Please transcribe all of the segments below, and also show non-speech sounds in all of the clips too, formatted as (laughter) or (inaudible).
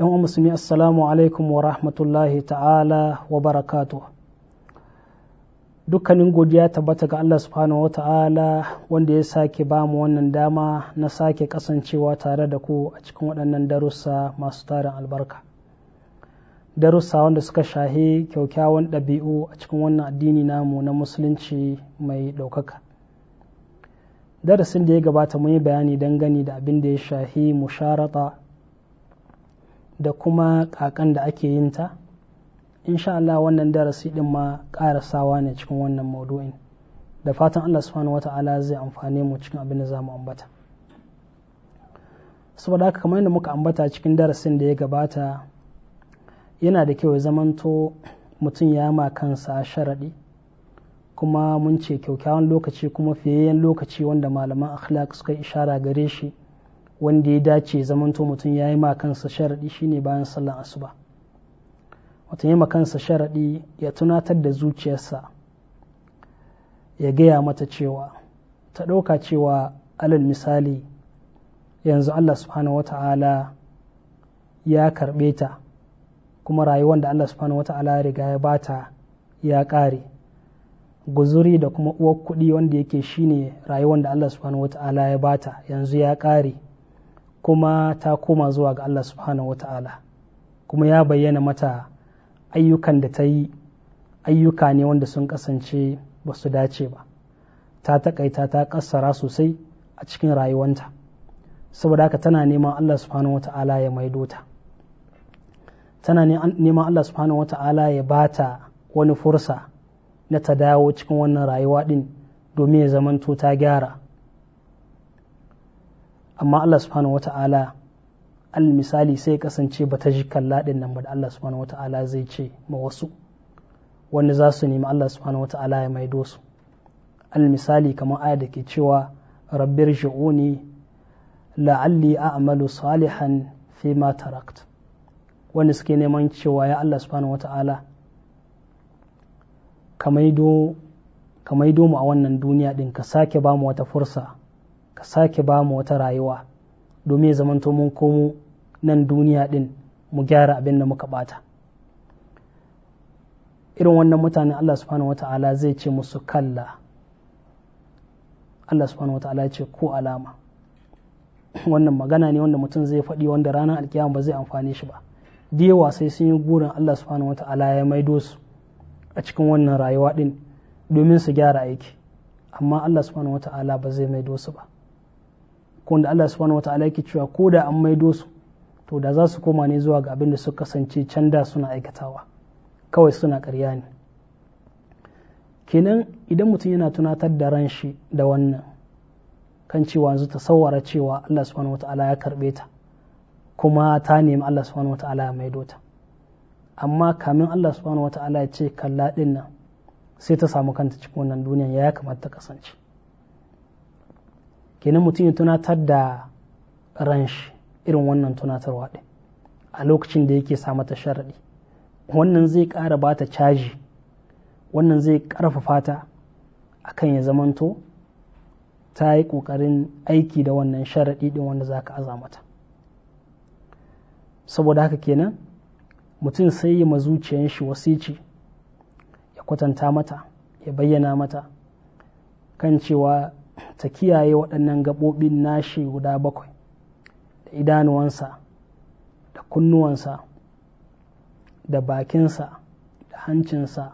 yan musulmi assalamu alaikum wa rahmatullahi ta'ala wa barakatu dukkanin godiya tabbata ga Allah subhanahu wa ta'ala wanda ya sake ba mu wannan dama na sake kasancewa tare da ku a cikin waɗannan darussa masu tarin albarka darussa wanda suka shahi kyaukyawan ɗabi'u a cikin wannan addini namu na musulunci mai ɗaukaka darasin da ya gabata mun yi bayani dangane da abin da ya shahi musharata da kuma kakan da ake yin ta insha Allah wannan darasi din ma karasawa ne cikin wannan maudu'in da fatan Allah subhanahu wata'ala zai amfane mu cikin abin da za mu ambata saboda haka kamar yadda muka ambata cikin darasin da ya gabata yana da kyau ya zamanto mutum ya ma kansa sharaɗi kuma mun ce kyaukyawan lokaci kuma fiyayyen lokaci wanda malaman akhlaq suka ishara gare shi wanda ya dace zamanto mutum ya yi ma kansa sharaɗi shine bayan sallan asuba mutum ya ma kansa sharaɗi ya tunatar da zuciyarsa ya gaya mata cewa ta ɗauka cewa alal misali yanzu Allah subhanahu wa ta'ala ya karɓe ta kuma rayuwar da Allah subhanahu wa ta'ala ya riga ya bata ya ƙare guzuri da kuma uwar kuɗi wanda yake shine rayuwar da Allah subhanahu wa ta'ala ya bata yanzu ya ƙare kuma ta koma zuwa ga Allah subhanahu wa ta'ala kuma ya bayyana mata ayyukan da ta yi ayyuka ne wanda sun kasance ba su dace ba ta takaita ta kassara sosai a cikin rayuwanta saboda haka tana neman Allah subhanahu wata'ala ya maido ta tana neman Allah subhanahu wata'ala ya bata wani fursa na ta dawo cikin wannan rayuwa din domin ya zamanto ta gyara amma Allah subhanahu wata'ala al misali sai kasance ba ta ji kalla nan ba da Allah subhanahu wata'ala zai ce ma wasu wanda za su nemi Allah subhanahu wata'ala ya maido su almisali misali kamar aya da ke cewa rabbir shi'uni la'alli a'malu salihan fi ma tarakt wanda suke neman cewa ya Allah subhanahu wata'ala ka maido mu a wannan duniya din ka sake ba mu wata fursa ka sake ba mu wata rayuwa domin ya zamanto mun komo nan duniya din mu gyara abin da muka bata irin wannan mutanen Allah subhanahu wata'ala zai ce musu kalla Allah subhanahu wata'ala ce ko alama wannan magana ne wanda mutum zai faɗi wanda ranar alkiyama ba zai amfane shi ba da sai sun yi gurin Allah subhanahu wata'ala ya maido su a cikin wannan rayuwa din domin su gyara aiki amma Allah subhanahu wata'ala ba zai maido su ba ko wanda Allah subhanahu wata'ala yake cewa ko da an maido su to da za su koma ne zuwa ga abin da suka kasance can da suna aikatawa kawai suna karya ne kenan idan mutum yana tunatar da ran shi da wannan kan cewa yanzu tasawwara cewa Allah subhanahu ala ya karbe ta kuma ta nemi Allah subhanahu ala ya maido ta amma kamin Allah subhanahu ala ya ce kalla din nan sai ta samu kanta cikin wannan duniyan ya kamata ta kasance kenan mutum ya tunatar da ranshi irin wannan tunatarwa ɗin a lokacin da yake sa mata sharaɗi wannan zai ƙara ba ta caji wannan zai ƙarfafa a kan ya zamanto ta yi ƙoƙarin aiki da wannan sharaɗi ɗin wanda za ka aza mata saboda haka kenan mutum sai ya mazuciyan shi ce ya kwatanta mata ya bayyana mata kan cewa ta kiyaye waɗannan gaɓoɓin nashi guda bakwai da idanuwansa da kunnuwansa da bakinsa da hancinsa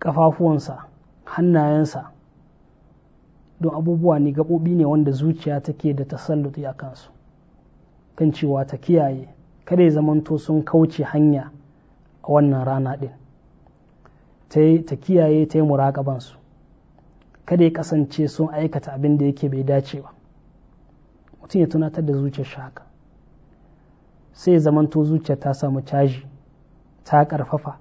ƙafafuwansa hannayensa don abubuwa ne gaɓoɓi ne wanda zuciya take da tasalluti a kansu kan cewa ta kiyaye kada ya zamanto sun kauce hanya a wannan rana ɗin ta kiyaye ta yi muraƙabansu kada ya kasance sun aikata abin da yake bai dace ba mutum ya tunatar da zuciyar shi haka sai ya zamanto zuciyar ta samu caji ta karfafa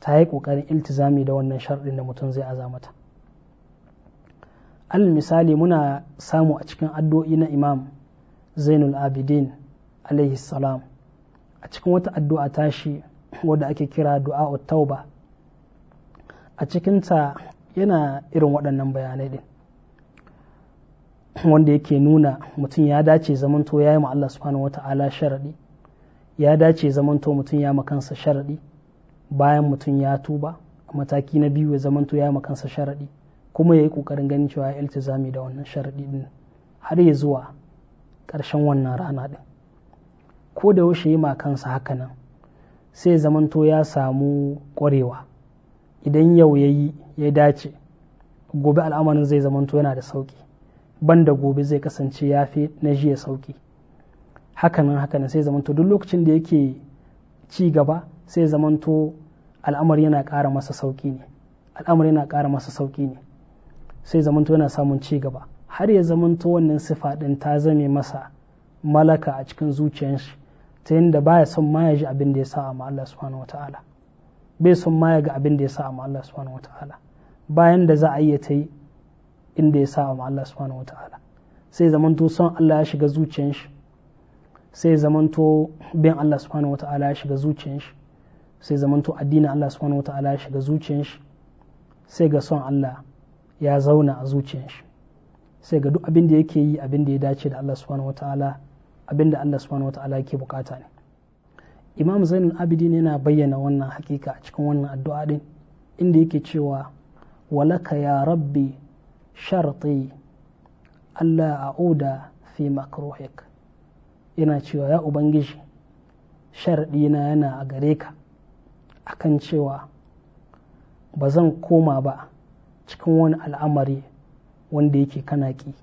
ta yi ƙoƙarin iltizami da wannan sharɗin da mutum zai aza mata al misali muna samu a cikin addu'o'i na imam zainul abidin alaihi salam a cikin wata addu'a tashi wadda ake kira du'a tauba a cikinta yana irin waɗannan bayanai ɗin (clears throat) wanda yake nuna mutum ya dace zamanto ya yi ma Allah subhanahu wata'ala sharaɗi ya dace zamanto mutum ya makansa sharaɗi bayan mutum ya tuba mataki na biyu ya zamanto ya makansa sharaɗi kuma ya yi ƙoƙarin ganin cewa ya iltizami da wannan sharaɗi ɗin har ya zuwa ƙarshen wannan rana ɗin ko da yaushe ya yi ma kansa haka nan sai zamanto ya samu ƙwarewa idan yau ya yi ya dace gobe al'amarin zai zamanto yana da sauki banda gobe zai kasance ya fi na jiya sauki hakanan hakanan sai zamanto duk lokacin da yake ci gaba sai zamanto al'amari yana ƙara masa sauki ne al'amari yana ƙara masa sauki ne sai zamanto yana samun ci gaba har ya zamanto wannan sifa ɗin ta zame masa malaka a cikin zuciyar shi ta yadda baya son ma ya ji abin da ya sa a Allah subhanahu wataala bai son ma ya ga abin da ya sa a Allah subhanahu wataala bayan da za a iya ta yi inda ya sa ma Allah subhanahu wa ta'ala sai zamanto son Allah ya shiga zuciyar shi sai zamanto bin Allah subhanahu wa ta'ala ya shiga zuciyar shi sai zamanto addinin Allah subhanahu wa ta'ala ya shiga zuciyar shi sai ga son Allah ya zauna a zuciyar shi sai ga duk abin da yake yi abin da ya dace da Allah subhanahu wa ta'ala abin da Allah subhanahu wa ta'ala yake bukata ne imam zainul abidin yana bayyana wannan hakika a cikin wannan addu'a din inda yake cewa walaka ya rabbi sharti Allah a'uda fi makruhik ina cewa ya ubangiji sharɗina yana a gare ka akan cewa ba zan koma ba cikin wani al'amari wanda yake kanaki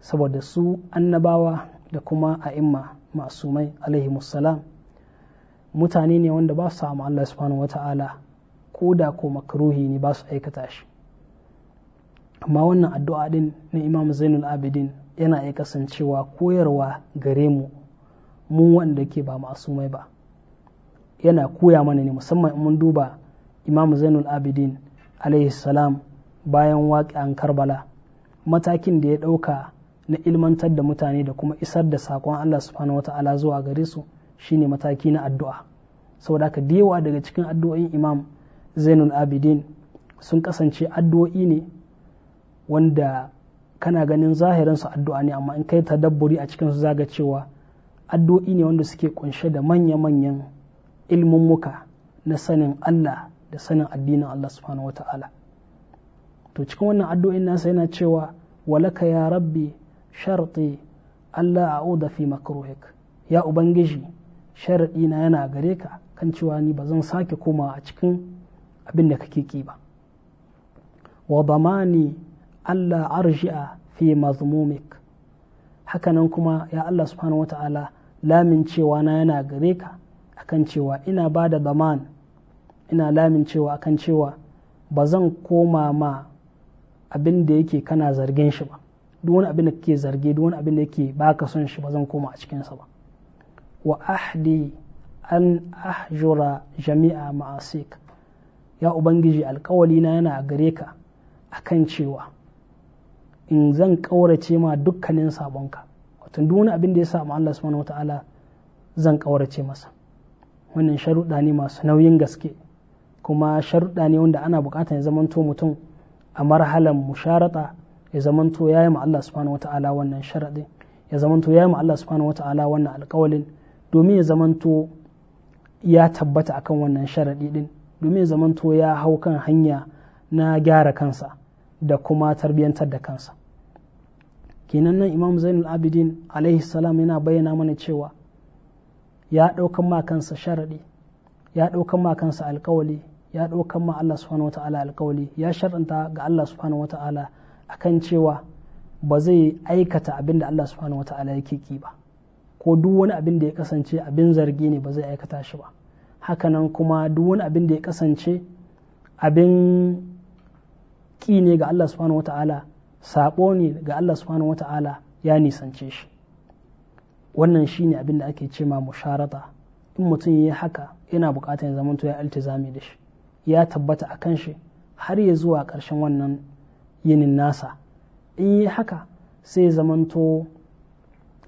saboda su annabawa da kuma a'imma masumai alaihi musalam mutane ne wanda ba su samu Allah subhanahu wata'ala ko da ko makaruhi ne ba su aikata shi amma wannan addu'a din na imam zainul abidin yana iya kasancewa koyarwa gare mu mu wanda ke ba masu mai ba yana koya mana ne musamman mun duba imam zainul abidin alaihi salam bayan an karbala matakin da ya ɗauka na ilmantar da mutane da kuma isar da saƙon allah subhanahu wa ta'ala zuwa gare su shine mataki na addu'a saboda haka da yawa daga cikin addu'o'in imam zainul abidin sun kasance addu'o'i ne wanda kana ganin zahirinsu addu'a ne amma in kai dabburi a cikinsu zaga cewa addu'o'i ne wanda suke kunshe da manya-manyan muka na sanin Allah da sanin addinin Allah subhanahu wa ta'ala to cikin wannan addu'o'in nasa yana cewa walaka ya rabbi sharti Allah a'uda fi makruhik ya ubangiji sharaɗina na yana gare ka kan cewa ni ba zan sake komawa a cikin abin da kake ki ba wa damani Allah arji'a fi mazmumik hakanan kuma ya Allah subhanahu wata'ala lamin cewa na yana gare ka akan cewa ina ba da zaman ina lamin cewa akan cewa ba zan koma ma abin da yake kana zargin shi ba duk wani abin da kake zarge duk wani abin da yake baka son shi ba zan koma a cikin sa ba wa ahdi an ahjura jami'a ma'asik ya ubangiji alkawalina yana a gare ka a kan cewa in zan ƙaurace ma dukkanin sabonka wato duk wani abin da ya samu Allah subhanahu wataala zan ƙaurace masa wannan sharuɗa ne masu nauyin gaske kuma sharuɗa ne wanda ana buƙatar ya zamanto mutum a marhalan musharata ya zamanto ya yi ma Allah subhanahu wataala wannan sharaɗin ya zamanto ya yi ma Allah subhanahu wataala wannan alƙawalin domin ya zamanto ya tabbata akan wannan sharaɗi ɗin domin zamanto ya hau kan hanya na gyara kansa da kuma tarbiyyantar da kansa kenan nan imam zainul abidin alaihi salam yana bayyana mana cewa ya ɗaukan ma kansa sharaɗi ya ɗaukan ma kansa alkawali ya ɗaukan ma Allah subhanahu wa ta'ala alkawali ya sharɗanta ga Allah subhanahu wa ta'ala akan cewa ba zai aikata abin da Allah subhanahu wa ta'ala yake ki ba ko duk wani abin da ya kasance abin zargi ne ba zai aikata shi ba hakanan kuma duk wani abin da ya kasance abin ƙi ne ga Allah subhanahu wa ta'ala saɓo ne ga Allah subhanahu wa ta'ala ya nisance shi wannan shi ne abin da ake ce ma musharata in mutum ya yi haka yana buƙatar ya zamanto ya altizami da shi ya tabbata a kan shi har ya zuwa ƙarshen wannan yinin nasa in yi haka sai zamanto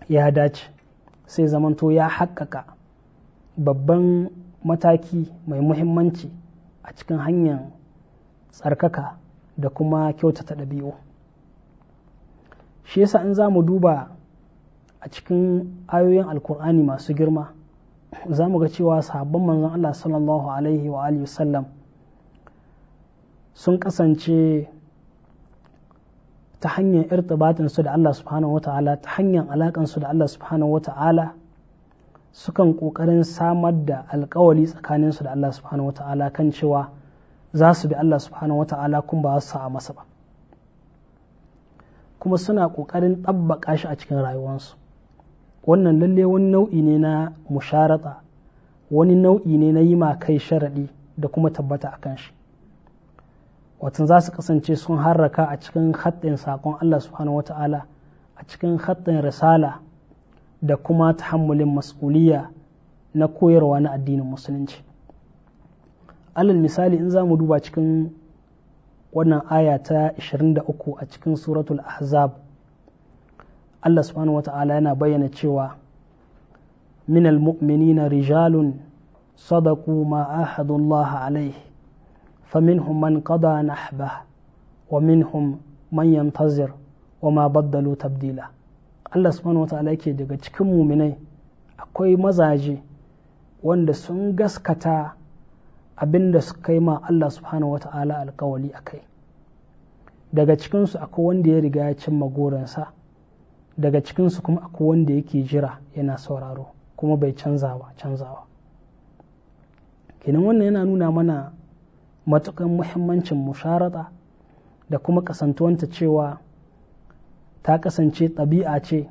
ya dace sai zamanto ya haƙƙaƙa babban mataki mai muhimmanci a cikin hanyar tsarkaka da kuma kyautata ɗabi'u shi yasa in za mu duba a cikin ayoyin alkur'ani masu girma za mu ga cewa sahabban manzon Allah sallallahu alaihi wa alihi sallam sun kasance ta hanyar irtibatinsu da Allah subhanahu ta'ala ta hanyar alakansu da Allah subhanahu ta'ala. sukan ƙoƙarin samar da alkawali tsakaninsu da Allah subhanahu ta'ala kan cewa za su bi Allah subhanahu ta'ala kun ba su a masa ba kuma suna ƙoƙarin ɗabbaƙa shi a cikin rayuwarsu wannan lalle wani nau'i ne na musharata wani nau'i ne na yi ma kai sharaɗi da kuma tabbata a kan shi watan za su kasance sun harraka a cikin haɗin saƙon Allah subhanahu ta'ala a cikin hattin risala da kuma tahammulin mas'uliya na koyarwa na addinin musulunci alal misali in za mu duba cikin wannan aya ta 23 a cikin suratul ahzab Allah subhanahu wata'ala yana bayyana cewa minal mu'minina rijalun صدقوا ما أحد الله عليه فمنهم من قضى نحبه ومنهم من ينتظر وما baddalu tabdila Allah subhanahu wata'ala yake daga cikin muminai akwai mazaje wanda sun gaskata abinda su suka ma Allah subhanahu wata'ala alkawali a kai daga cikinsu akwai wanda ya riga ya cimma goransa daga cikinsu kuma akwai wanda yake jira yana sauraro kuma bai canzawa canzawa kenan wannan yana nuna mana matukan muhimmancin musharata da kuma kasantuwanta cewa ta kasance ɗabi'a ce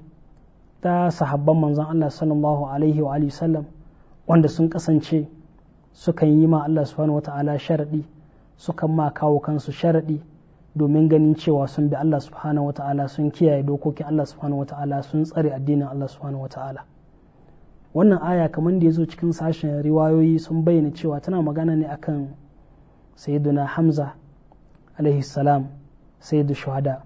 ta sahabban manzon Allah sallallahu alaihi wa sallam wanda sun kasance sukan yi ma Allah subhanahu wata'ala sharaɗi sukan ma kawo kansu sharaɗi domin ganin cewa sun bi Allah subhanahu wata'ala sun kiyaye dokokin Allah subhanahu wata'ala sun tsare addinin Allah subhanahu wata'ala wannan aya kamar da ya zo cikin sashen riwayoyi sun bayyana cewa tana magana ne akan sayyiduna hamza alaihi salam sayyidu shuhada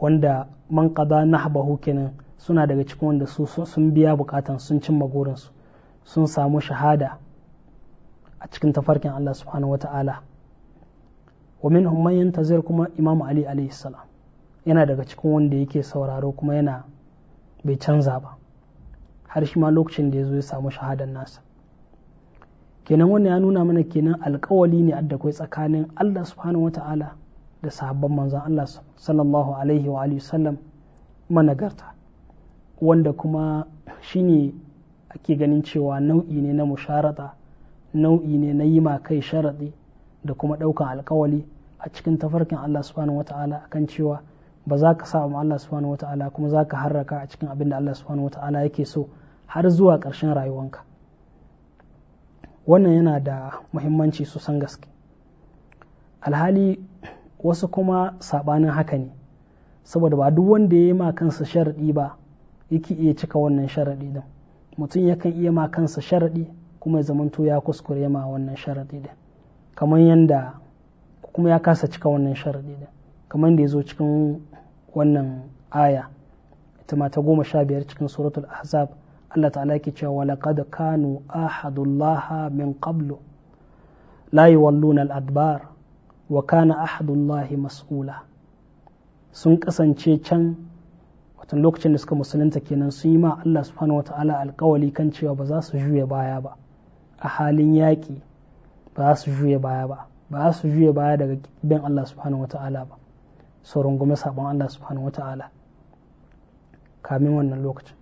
wanda man kaza nahbahu kenan suna daga cikin wanda su sun biya bukatan sun cimma magorinsu sun samu shahada a cikin tafarkin Allah subhanahu wa ta'ala wa min man yantazir kuma Imam ali alayhi salam yana daga cikin wanda yake sauraro kuma yana bai canza ba har shi ma lokacin da ya zo ya samu shahadar nasa kenan wannan ya nuna mana kenan alkawali ne adda kai tsakanin Allah subhanahu wa ta'ala da sahabban manzan Allah sallallahu alaihi wa alihi sallam managarta wanda kuma shine ake ganin cewa nau'i ne na musharata nau'i ne na yi ma kai sharaɗi da kuma ɗaukan alkawali a cikin tafarkin Allah subhanahu wata'ala akan cewa ba za ka sa ma Allah subhanahu wata'ala kuma za ka harraka a cikin abin da Allah subhanahu wata'ala yake so har zuwa ƙarshen rayuwanka wannan yana da muhimmanci su san gaske alhali wasu kuma saɓanin haka ne saboda ba duk wanda ya yi ma kansa sharaɗi ba yake iya cika wannan sharaɗi din mutum yakan iya ma kansa sharaɗi kuma ya zamanto ya kuskure ma wannan sharaɗi din kamar yadda kuma ya kasa cika wannan sharaɗi din kamar da ya zo cikin wannan aya ita mata goma sha biyar cikin suratul ahzab Allah ta'ala ke cewa walaqad kanu ahadullaha min qablu la yawalluna al-adbar wa kana ahadullahi mas'ula sun kasance can watan lokacin da suka musulunta kenan sun yi ma Allah subhanahu wata'ala alkawali kan cewa ba za su juya baya ba a halin yaƙi ba za su juya baya ba ba za su juya baya daga bin Allah subhanahu wata'ala ba sauran gome sabon Allah subhanahu wata'ala kamin wannan lokacin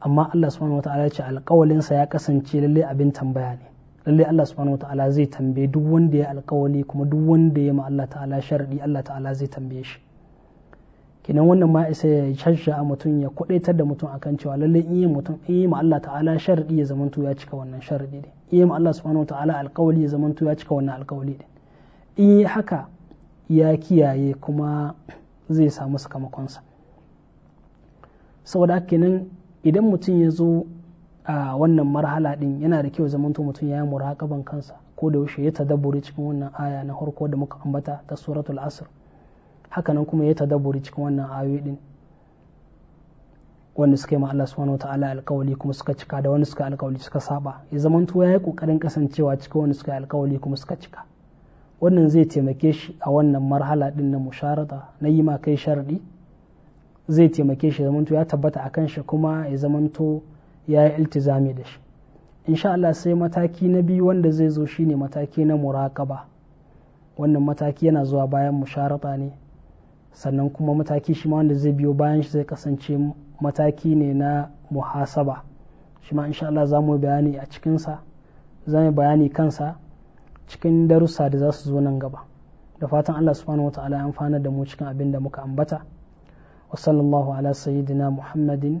amma Allah subhanahu wata'ala ya ce alkawalinsa ya kasance lallai abin tambaya ne lalle Allah subhanahu ta'ala zai tambaye duk wanda ya alkawali kuma duk wanda ya ma Allah ta'ala sharadi Allah ta'ala zai tambaye shi kenan wannan ma isa ya shasha a mutum ya kudaitar da mutum akan cewa lalle in yi mutum in yi ma Allah ta'ala sharadi ya zamanto ya cika wannan sharadi din in yi ma Allah subhanahu Ta'ala alkawali ya zamanto ya cika wannan alkawali din in yi haka ya kiyaye kuma zai samu sakamakonsa saboda haka kenan idan mutum ya zo a wannan marhala din yana da kyau zamanto mutum ya yi muraqaban kansa ko da yaushe ya tadabburi cikin wannan aya na harko da muka ambata ta suratul asr hakanan kuma ya tadabburi cikin wannan ayoyi din wanda suka yi ma Allah ta'ala alkawali kuma suka cika da wani suka alkawali suka saba ya zamanto ya yi kokarin kasancewa cikin wani suka alkawali kuma suka cika wannan zai taimake shi a wannan marhala din na musharata na yi ma kai sharadi zai taimake shi zamanto ya tabbata akan shi kuma ya zamanto ya yi iltizami da shi insha Allah sai mataki na biyu wanda zai zo shine mataki na muraƙaba wannan mataki yana zuwa bayan musharata ne sannan kuma mataki shi ma wanda zai biyo bayan shi zai kasance mataki ne na muhasaba shi ma insha Allah za mu bayani a cikinsa za mu bayani kansa cikin darussa da za su zo nan gaba da fatan Allah subhanahu wa ta'ala ya amfana da mu cikin abin da muka ambata wa sallallahu ala sayyidina muhammadin